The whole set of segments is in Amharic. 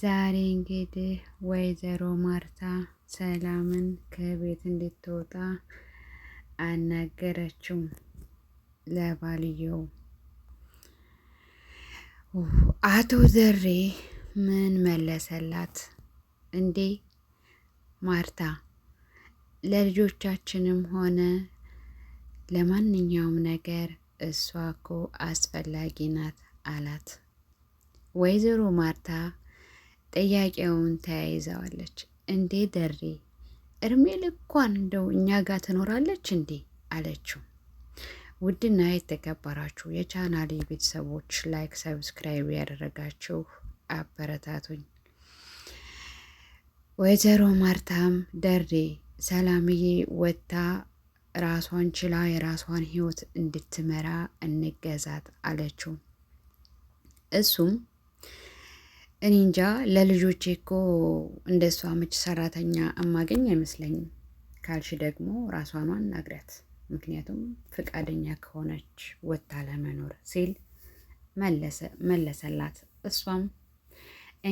ዛሬ እንግዲህ ወይዘሮ ማርታ ሰላምን ከቤት እንድትወጣ አናገረችው ለባልየው። አቶ ዘሬ ምን መለሰላት? እንዴ ማርታ ለልጆቻችንም ሆነ ለማንኛውም ነገር እሷ እኮ አስፈላጊ ናት አላት። ወይዘሮ ማርታ ጥያቄውን ተያይዘዋለች። እንዴ ደሬ እርሜ ልኳን እንደው እኛ ጋር ትኖራለች እንዴ አለችው። ውድና የተከበራችሁ የቻናል ቤተሰቦች ላይክ፣ ሰብስክራይብ ያደረጋችሁ አበረታቱኝ። ወይዘሮ ማርታም ደሬ ሰላምዬ ወታ ራሷን ችላ የራሷን ህይወት እንድትመራ እንገዛት አለችው። እሱም እኔ እንጃ ለልጆቼ እኮ እንደ እሷ ምች ሰራተኛ እማገኝ አይመስለኝም። ካልሽ ደግሞ ራሷኗን ነግረት። ምክንያቱም ፍቃደኛ ከሆነች ወታ ለመኖር ሲል መለሰላት። እሷም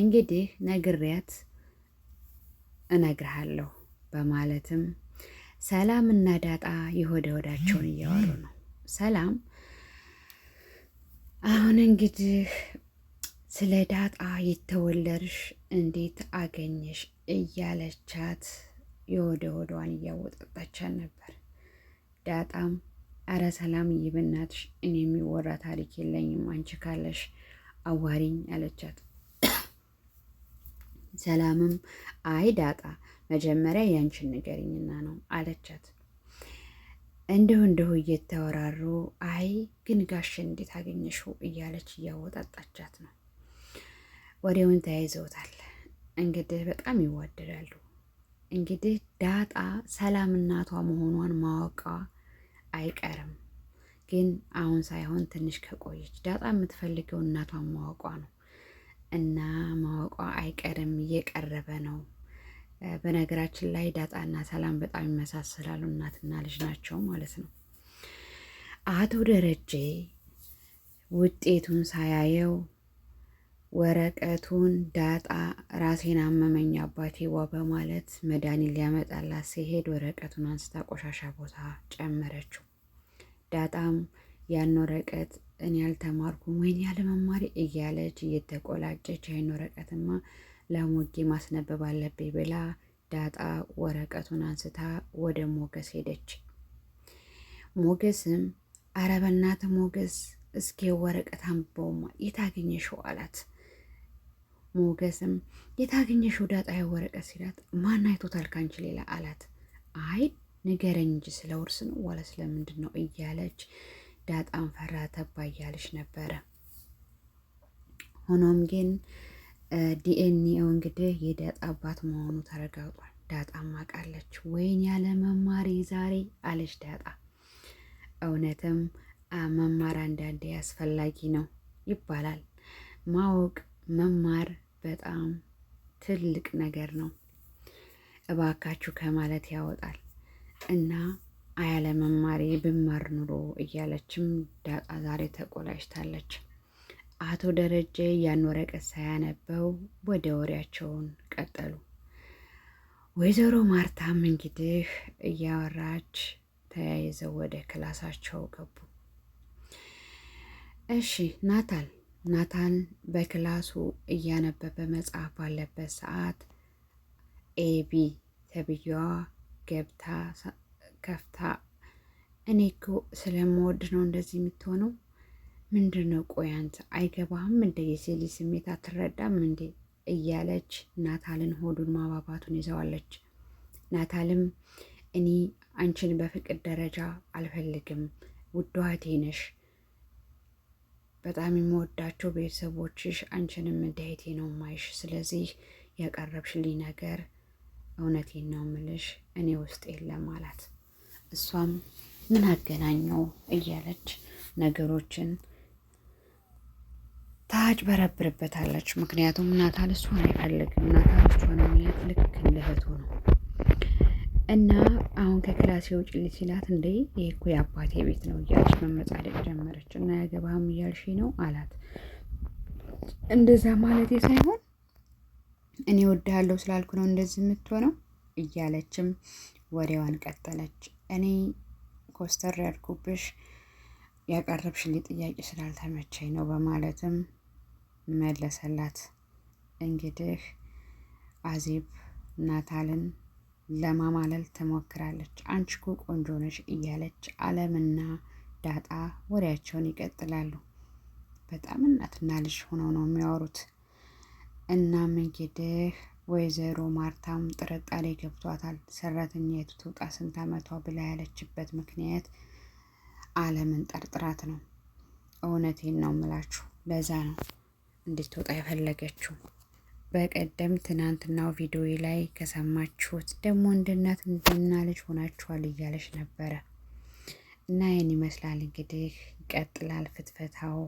እንግዲህ ነግሬያት እነግርሃለሁ በማለትም ሰላም እና ዳጣ የሆደ ወዳቸውን እያወሩ ነው። ሰላም አሁን እንግዲህ ስለ ዳጣ የተወለድሽ እንዴት አገኘሽ እያለቻት የወደ ወደዋን እያወጣጣቻት ነበር። ዳጣም አረ ሰላም ይብናትሽ፣ እኔ የሚወራ ታሪክ የለኝም፣ አንቺ ካለሽ አዋሪኝ አለቻት። ሰላምም አይ ዳጣ መጀመሪያ ያንቺን ንገሪኝና ነው አለቻት። እንደሁ እንደሁ እየተወራሩ አይ ግን እንዴት አገኘሽው እያለች እያወጣጣቻት ነው። ወዲያውን ተያይዘውታል። እንግዲህ በጣም ይዋደዳሉ። እንግዲህ ዳጣ ሰላም እናቷ መሆኗን ማወቋ አይቀርም፣ ግን አሁን ሳይሆን ትንሽ ከቆየች ዳጣ የምትፈልገው እናቷን ማወቋ ነው። እና ማወቋ አይቀርም፣ እየቀረበ ነው። በነገራችን ላይ ዳጣና ሰላም በጣም ይመሳሰላሉ፣ እናትና ልጅ ናቸው ማለት ነው። አቶ ደረጀ ውጤቱን ሳያየው ወረቀቱን ዳጣ ራሴን አመመኝ ዋ በማለት መድኃኒት ሊያመጣላት ሲሄድ ወረቀቱን አንስታ ቆሻሻ ቦታ ጨመረችው። ዳጣም ያን ወረቀት እኔ ያልተማርኩም ወይን ያለመማሪ እያለች እየተቆላጨች አይን ወረቀትማ ለሞጌ ማስነበብ አለብኝ ብላ ዳጣ ወረቀቱን አንስታ ወደ ሞገስ ሄደች። ሞገስም አረበናት ሞገስ እስኪ ወረቀት አንብበውማ የት አላት። ሞገስም የታገኘሽው ዳጣ ወረቀት ሲላት ማን አይቶታል ካንቺ ሌላ አላት። አይ ንገረኝ እንጂ ስለ ውርስ ነው ዋለ ስለምንድን ነው እያለች ዳጣም ፈራ ተባ እያለች ነበረ። ሆኖም ግን ዲኤንኤው እንግዲህ የዳጣ አባት መሆኑ ተረጋግጧል። ዳጣም አውቃለች። ወይን ያለ መማሪ ዛሬ አለች ዳጣ። እውነትም መማር አንዳንዴ አስፈላጊ ነው ይባላል። ማወቅ መማር በጣም ትልቅ ነገር ነው። እባካችሁ ከማለት ያወጣል እና አያለ መማሪ ብማር ኑሮ እያለችም ዳጣ ዛሬ ተቆላጭታለች። አቶ ደረጀ ያን ወረቀት ሳያነበው ወደ ወሬያቸውን ቀጠሉ። ወይዘሮ ማርታም እንግዲህ እያወራች ተያይዘው ወደ ክላሳቸው ገቡ። እሺ ናታል ናታን በክላሱ እያነበበ መጽሐፍ ባለበት ሰዓት ኤቢ ተብዬዋ ገብታ ከፍታ እኔ እኮ ስለምወድ ነው እንደዚህ የምትሆነው ምንድን ነው ቆይ አንተ አይገባህም እንደ የሴሊ ስሜት አትረዳም እንዴ እያለች ናታልን ሆዱን ማባባቱን ይዘዋለች ናታልም እኔ አንቺን በፍቅር ደረጃ አልፈልግም ውድ እህቴ ነሽ በጣም የምወዳቸው ቤተሰቦችሽ አንቺንም እንዳይቴ ነው ማይሽ። ስለዚህ ያቀረብሽልኝ ነገር እውነቴን ነው ምልሽ እኔ ውስጥ የለም አላት። እሷም ምን አገናኘው እያለች ነገሮችን ታጭበረብርበታለች። ምክንያቱም ናታን እሷን አይፈልግም። ናታን እሷን የሚያት ልክ እንደ እህቱ ነው። እና አሁን ከክላሴ ውጭልኝ ሲላት እንዴ ይህ እኮ የአባቴ ቤት ነው እያለች መመጻደቅ ጀመረች። እና ያገባህም እያልሽ ነው አላት። እንደዛ ማለቴ ሳይሆን እኔ ወድሃለሁ ስላልኩ ነው እንደዚህ የምትሆነው እያለችም ወሬዋን ቀጠለች። እኔ ኮስተር ያልኩብሽ ያቀረብሽልኝ ጥያቄ ስላልተመቸኝ ነው በማለትም መለሰላት። እንግዲህ አዜብ ናታልን ለማማለል ትሞክራለች። አንቺ እኮ ቆንጆ ነሽ እያለች አለምና ዳጣ ወሬያቸውን ይቀጥላሉ። በጣም እናትና ልጅ ሆነው ነው የሚያወሩት። እናም እንግዲህ ወይዘሮ ማርታም ጥርጣሬ ገብቷታል። ሰራተኛ የቱ ትውጣ ስንት ዓመቷ ብላ ያለችበት ምክንያት አለምን ጠርጥራት ነው። እውነቴን ነው ምላችሁ፣ ለዛ ነው እንድትወጣ የፈለገችው። በቀደም ትናንትናው ቪዲዮ ላይ ከሰማችሁት ደግሞ እንደ እናት ልጅ ሆናችኋል እያለች ነበረ እና ይህን ይመስላል እንግዲህ ይቀጥላል ፍትፈታው።